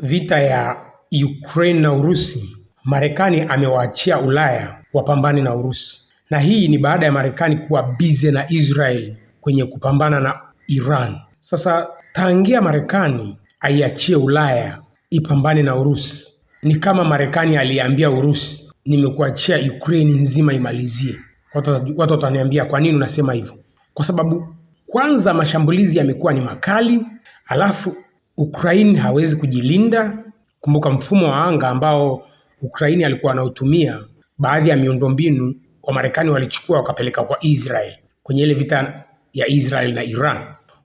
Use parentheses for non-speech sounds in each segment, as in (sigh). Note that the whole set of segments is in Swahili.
Vita ya Ukraine na Urusi, Marekani amewaachia Ulaya wapambane na Urusi, na hii ni baada ya Marekani kuwa bize na Israel kwenye kupambana na Iran. Sasa tangia Marekani aiachie Ulaya ipambane na Urusi, ni kama Marekani aliambia Urusi, nimekuachia Ukraine nzima imalizie. Watu wataniambia kwa nini unasema hivyo? Kwa sababu kwanza mashambulizi yamekuwa ni makali, alafu Ukraine hawezi kujilinda. Kumbuka mfumo wa anga ambao Ukraine alikuwa anautumia, baadhi ya miundombinu Wamarekani walichukua wakapeleka kwa Israel kwenye ile vita ya Israel na Iran.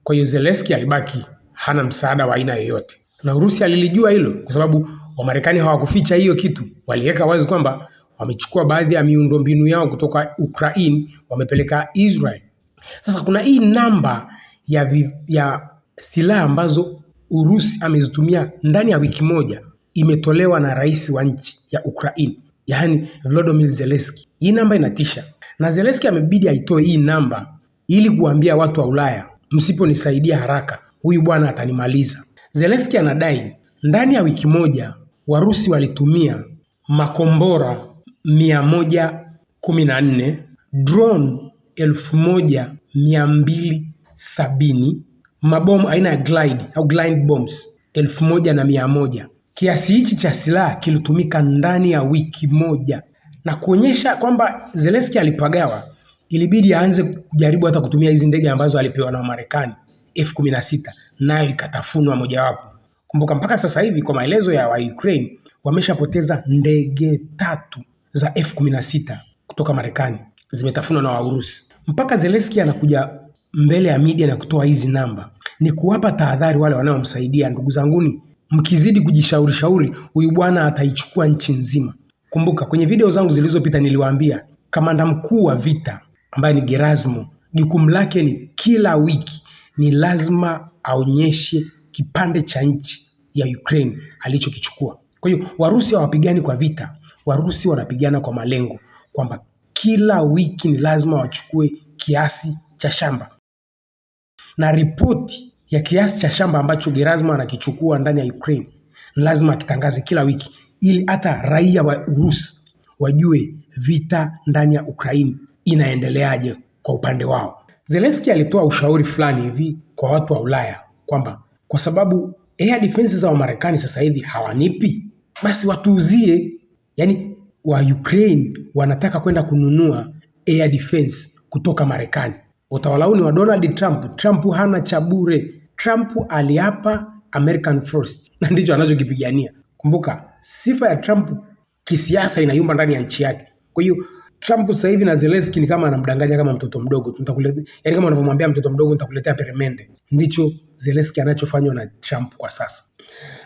Kwa hiyo Zelensky alibaki hana msaada wa aina yoyote, na Urusi alilijua hilo kwa sababu Wamarekani hawakuficha hiyo kitu, waliweka wazi kwamba wamechukua baadhi ya miundombinu yao kutoka Ukraine wamepeleka Israel. Sasa kuna hii namba ya, ya silaha ambazo Urusi amezitumia ndani ya wiki moja imetolewa na rais wa nchi ya Ukraine, yaani Volodymyr Zelensky. Hii namba inatisha, na Zelensky amebidi aitoe hii namba ili kuambia watu wa Ulaya, msiponisaidia haraka huyu bwana atanimaliza. Zelensky anadai ndani ya wiki moja Warusi walitumia makombora mia moja kumi na nne drone elfu moja mia mbili sabini mabomu aina ya glide au glide bombs elfu moja na mia moja. Kiasi hichi cha silaha kilitumika ndani ya wiki moja, na kuonyesha kwamba Zelensky alipagawa, ilibidi aanze kujaribu hata kutumia hizi ndege ambazo alipewa na Marekani f kumi na sita nayo ikatafunwa mojawapo. Kumbuka mpaka sasa hivi kwa maelezo ya wa Ukraine wameshapoteza ndege tatu za f kumi na sita kutoka Marekani zimetafunwa na Waurusi. Mpaka Zelensky anakuja mbele ya media na kutoa hizi namba ni kuwapa tahadhari wale wanaomsaidia. Ndugu zanguni, mkizidi kujishauri shauri, huyu bwana ataichukua nchi nzima. Kumbuka kwenye video zangu zilizopita niliwaambia kamanda mkuu wa vita ambaye ni Gerasmo, jukumu lake ni kila wiki ni lazima aonyeshe kipande cha nchi ya Ukraine alichokichukua. Kwa hiyo Warusi hawapigani kwa vita, Warusi wanapigana kwa malengo, kwamba kila wiki ni lazima wachukue kiasi cha shamba na ripoti ya kiasi cha shamba ambacho Gerasimov anakichukua ndani ya Ukraine ni lazima akitangaze kila wiki, ili hata raia wa Urusi wajue vita ndani ya Ukraine inaendeleaje kwa upande wao. Zelensky alitoa ushauri fulani hivi kwa watu wa Ulaya kwamba kwa sababu air defense za Wamarekani sasa hivi hawanipi, basi watuuzie. Yaani wa Ukraine wanataka kwenda kununua air defense kutoka Marekani, Utawala huu ni wa Donald Trump. Trump hana cha bure. Trump aliapa American First (laughs) na ndicho anachokipigania. Kumbuka sifa ya Trump kisiasa inayumba ndani ya nchi yake. Kwa hiyo Trump sasa hivi na Zelensky ni kama anamdanganya kama mtoto mdogo, tutakuletea yani, kama unavyomwambia mtoto mdogo nitakuletea peremende, ndicho Zelensky anachofanywa na Trump kwa sasa.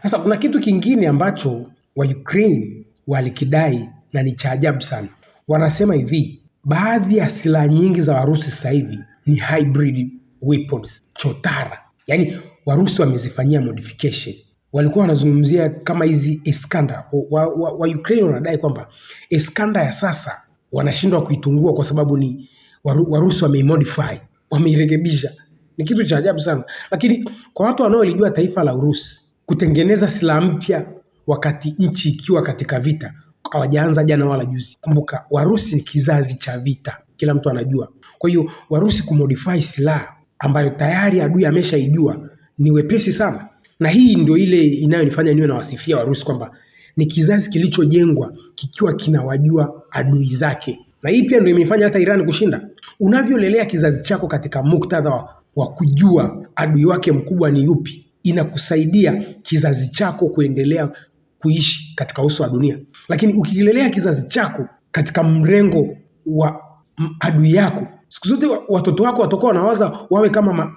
Sasa kuna kitu kingine ambacho wa Ukraine walikidai na ni cha ajabu sana. Wanasema hivi, baadhi ya silaha nyingi za Warusi sasa hivi ni hybrid weapons chotara, yani Warusi wamezifanyia modification. Walikuwa wanazungumzia kama hizi Iskander wa, wa, wa Ukraine wanadai kwamba Iskander ya sasa wanashindwa kuitungua kwa sababu ni Warusi wameimodify, wameirekebisha. Ni kitu cha ajabu sana, lakini kwa watu wanaolijua taifa la Urusi kutengeneza silaha mpya wakati nchi ikiwa katika vita hawajaanza jana wala juzi. Kumbuka Warusi ni kizazi cha vita, kila mtu anajua. Kwa hiyo Warusi kumodify silaha ambayo tayari adui ameshaijua ni wepesi sana, na hii ndio ile inayonifanya niwe nawasifia Warusi kwamba ni kizazi kilichojengwa kikiwa kinawajua adui zake, na hii pia ndio imefanya hata Iran kushinda. Unavyolelea kizazi chako katika muktadha wa, wa kujua adui wake mkubwa ni yupi, inakusaidia kizazi chako kuendelea kuishi katika uso wa dunia, lakini ukilelea kizazi chako katika mrengo wa adui yako Siku zote watoto wako watakuwa wanawaza wawe kama ma,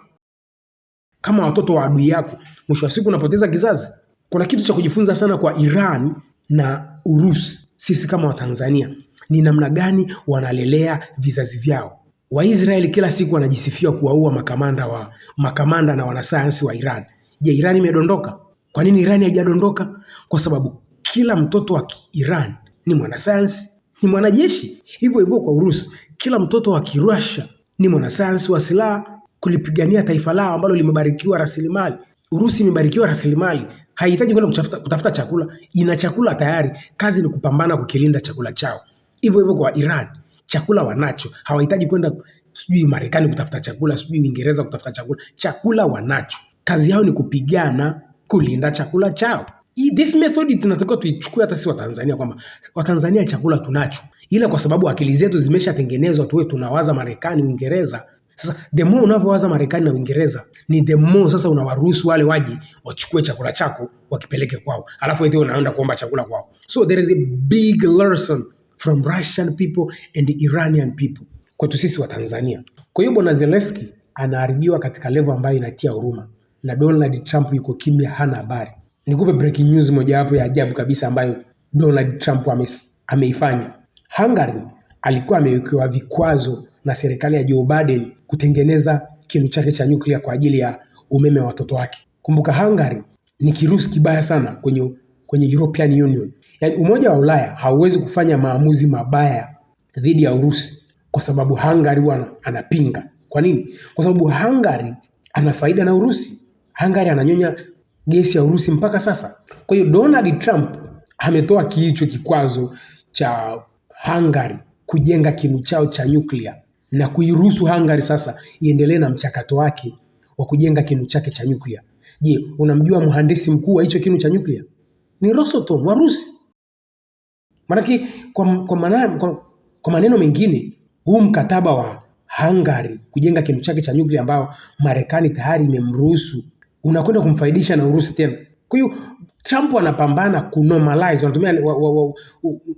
kama watoto wa adui yako. Mwisho wa siku unapoteza kizazi. Kuna kitu cha kujifunza sana kwa Iran na Urusi, sisi kama Watanzania ni namna gani wanalelea vizazi vyao. Waisraeli kila siku wanajisifia kuwaua makamanda wa makamanda na wanasayansi wa Iran. Je, Iran imedondoka? Kwa nini Iran haijadondoka? Kwa sababu kila mtoto wa Iran ni mwanasayansi, ni mwanajeshi. Hivyo hivyo kwa Urusi, kila mtoto wa Kirusha ni mwanasayansi wa silaha kulipigania taifa lao ambalo limebarikiwa rasilimali. Urusi imebarikiwa rasilimali, haihitaji kwenda kutafuta chakula, ina chakula tayari. Kazi ni kupambana kukilinda chakula chao. Hivyo hivyo kwa Iran, chakula wanacho, hawahitaji kwenda sijui Marekani kutafuta chakula, sijui Uingereza kutafuta chakula. Chakula wanacho, kazi yao ni kupigana kulinda chakula chao hii this method tunatakiwa tuichukue hata sisi Watanzania kwamba Watanzania chakula tunacho, ila kwa sababu akili zetu zimeshatengenezwa tuwe tunawaza Marekani, Uingereza. Sasa the more unavyowaza Marekani na Uingereza ni the more sasa unawaruhusu wale waje wachukue chakula chako wakipeleke kwao, alafu wewe unaenda kuomba chakula kwao. So there is a big lesson from Russian people and the Iranian people kwetu sisi wa Tanzania. Kwa hiyo Bwana Zelensky anaharibiwa katika level ambayo inatia huruma, na Donald Trump yuko kimya, hana habari. Nikupe breaking news hapo ya ajabu kabisa ambayo Donald Trump ame, ameifanya. Hungary alikuwa amewekewa vikwazo na serikali ya Joe Biden kutengeneza kinu chake cha nyuklia kwa ajili ya umeme wa watoto wake. Kumbuka Hungary ni kirusi kibaya sana kwenye kwenye European Union. Yaani Umoja wa Ulaya hauwezi kufanya maamuzi mabaya dhidi ya Urusi kwa sababu Hungary wana, anapinga. Kwa nini? Kwa sababu Hungary ana faida na Urusi. Hungary ananyonya gesi ya Urusi mpaka sasa. Kwa hiyo Donald Trump ametoa kiicho kikwazo cha Hungary kujenga kinu chao cha nyuklia na kuiruhusu Hungary sasa iendelee na mchakato wake wa kujenga kinu chake cha nyuklia. Je, unamjua mhandisi mkuu wa hicho kinu cha nyuklia? Ni Rosatom Warusi. Maanake kwa, kwa, kwa, kwa maneno mengine huu mkataba wa Hungary kujenga kinu chake cha nyuklia ambao Marekani tayari imemruhusu unakwenda kumfaidisha na Urusi tena. Kwa hiyo Trump anapambana ku wanatumia wa, wa,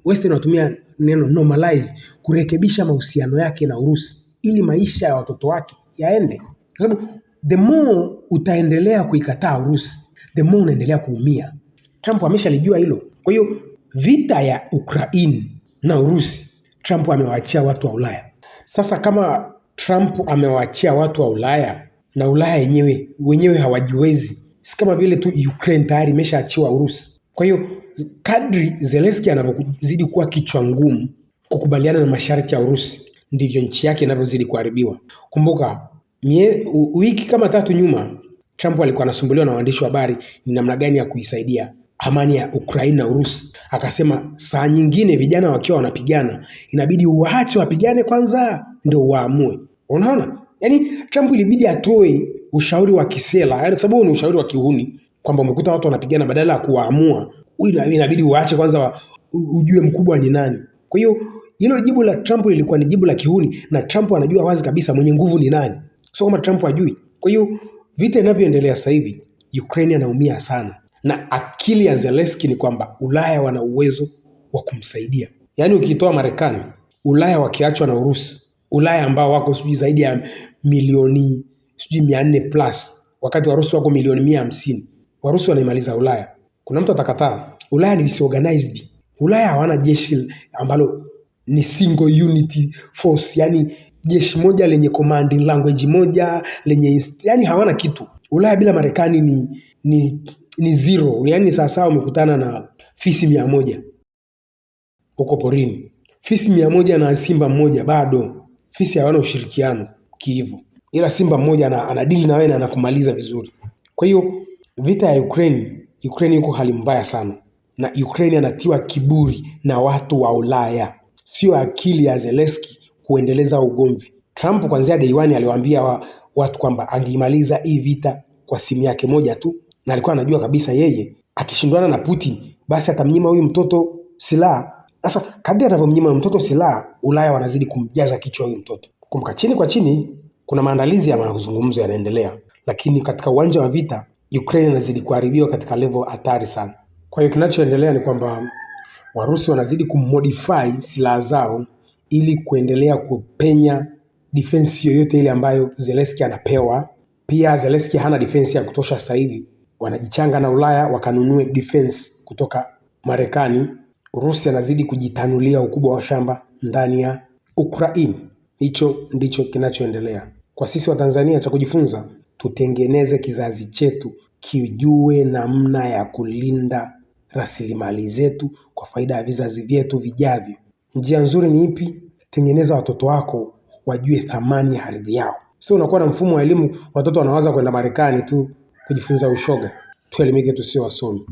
wa, neno normalize, kurekebisha mahusiano yake na Urusi ili maisha ya watoto wake yaende, kwa sababu the more utaendelea kuikataa Urusi the more unaendelea kuumia. Trump ameshalijua hilo. Kwa hiyo vita ya Ukraini na Urusi Trump amewaachia watu wa Ulaya. Sasa kama Trump amewaachia watu wa Ulaya, na Ulaya yenyewe wenyewe hawajiwezi, si kama vile tu Ukraine tayari imeshaachiwa Urusi. Kwa hiyo kadri Zelensky anavyozidi kuwa kichwa ngumu kukubaliana na masharti ya Urusi, ndivyo nchi yake inavyozidi kuharibiwa. Kumbuka mie, wiki kama tatu nyuma Trump alikuwa anasumbuliwa na waandishi wa habari ni namna gani ya kuisaidia amani ya Ukraine na Urusi. Akasema saa nyingine vijana wakiwa wanapigana inabidi waache wapigane kwanza ndio waamue. Unaona, Yaani Trump ilibidi atoe ushauri wa kisela, yaani kwa sababu ni ushauri wa kihuni kwamba umekuta watu wanapigana badala ya kuwaamua, inabidi uache kwanza ujue mkubwa ni nani. Kwa hiyo hilo jibu la Trump lilikuwa ni jibu la kihuni, na Trump anajua wazi kabisa mwenye nguvu ni nani, sio kama Trump ajui. Kwa hiyo vita inavyoendelea sasa hivi, Ukraine anaumia sana, na akili ya Zelensky ni kwamba Ulaya wana uwezo wa kumsaidia. Yaani ukitoa Marekani, Ulaya wakiachwa na Urusi, Ulaya ambao wako sijui zaidi ya milioni sijui mia nne plus, wakati Warusi wako milioni mia hamsini. Warusi wanaimaliza Ulaya. Kuna mtu atakataa? Ulaya ni disorganized. Ulaya hawana jeshi ambalo ni single unity force, yani jeshi moja lenye commanding language moja lenye, yani hawana kitu. Ulaya bila Marekani ni ni ni zero, yani sawasawa umekutana na fisi mia moja huko porini. Fisi mia moja na simba mmoja bado, fisi hawana ushirikiano kiivo, ila simba mmoja anadili na wewe na anakumaliza vizuri. Kwa hiyo vita ya Ukraine, Ukraine yuko hali mbaya sana, na Ukraine anatiwa kiburi na watu wa Ulaya, sio akili ya Zelensky kuendeleza ugomvi. Trump kuanzia day one aliwaambia wa, watu kwamba angeimaliza hii vita kwa simu yake moja tu, na alikuwa anajua kabisa yeye akishindana na Putin basi atamnyima huyu mtoto silaha. Sasa kadri anavyomnyima mtoto silaha, Ulaya wanazidi kumjaza kichwa huyu mtoto. Kumbuka, chini kwa chini kuna maandalizi ya mazungumzo yanaendelea, lakini katika uwanja wa vita Ukraine inazidi kuharibiwa katika level hatari sana. Kwa hiyo kinachoendelea ni kwamba Warusi wanazidi kumodify silaha zao ili kuendelea kupenya defense yoyote ile ambayo Zelensky anapewa. Pia Zelensky hana defense ya kutosha sasa hivi, wanajichanga na Ulaya wakanunue defense kutoka Marekani. Urusi anazidi kujitanulia ukubwa wa shamba ndani ya Ukraine. Hicho ndicho kinachoendelea kwa sisi wa tanzania Cha kujifunza, tutengeneze kizazi chetu kijue namna ya kulinda rasilimali zetu kwa faida ya vizazi vyetu vijavyo. Njia nzuri ni ipi? Tengeneza watoto wako wajue thamani ya ardhi yao, sio unakuwa na mfumo wa elimu watoto wanawaza kwenda Marekani tu kujifunza ushoga. Tuelimike, tusio wasomi.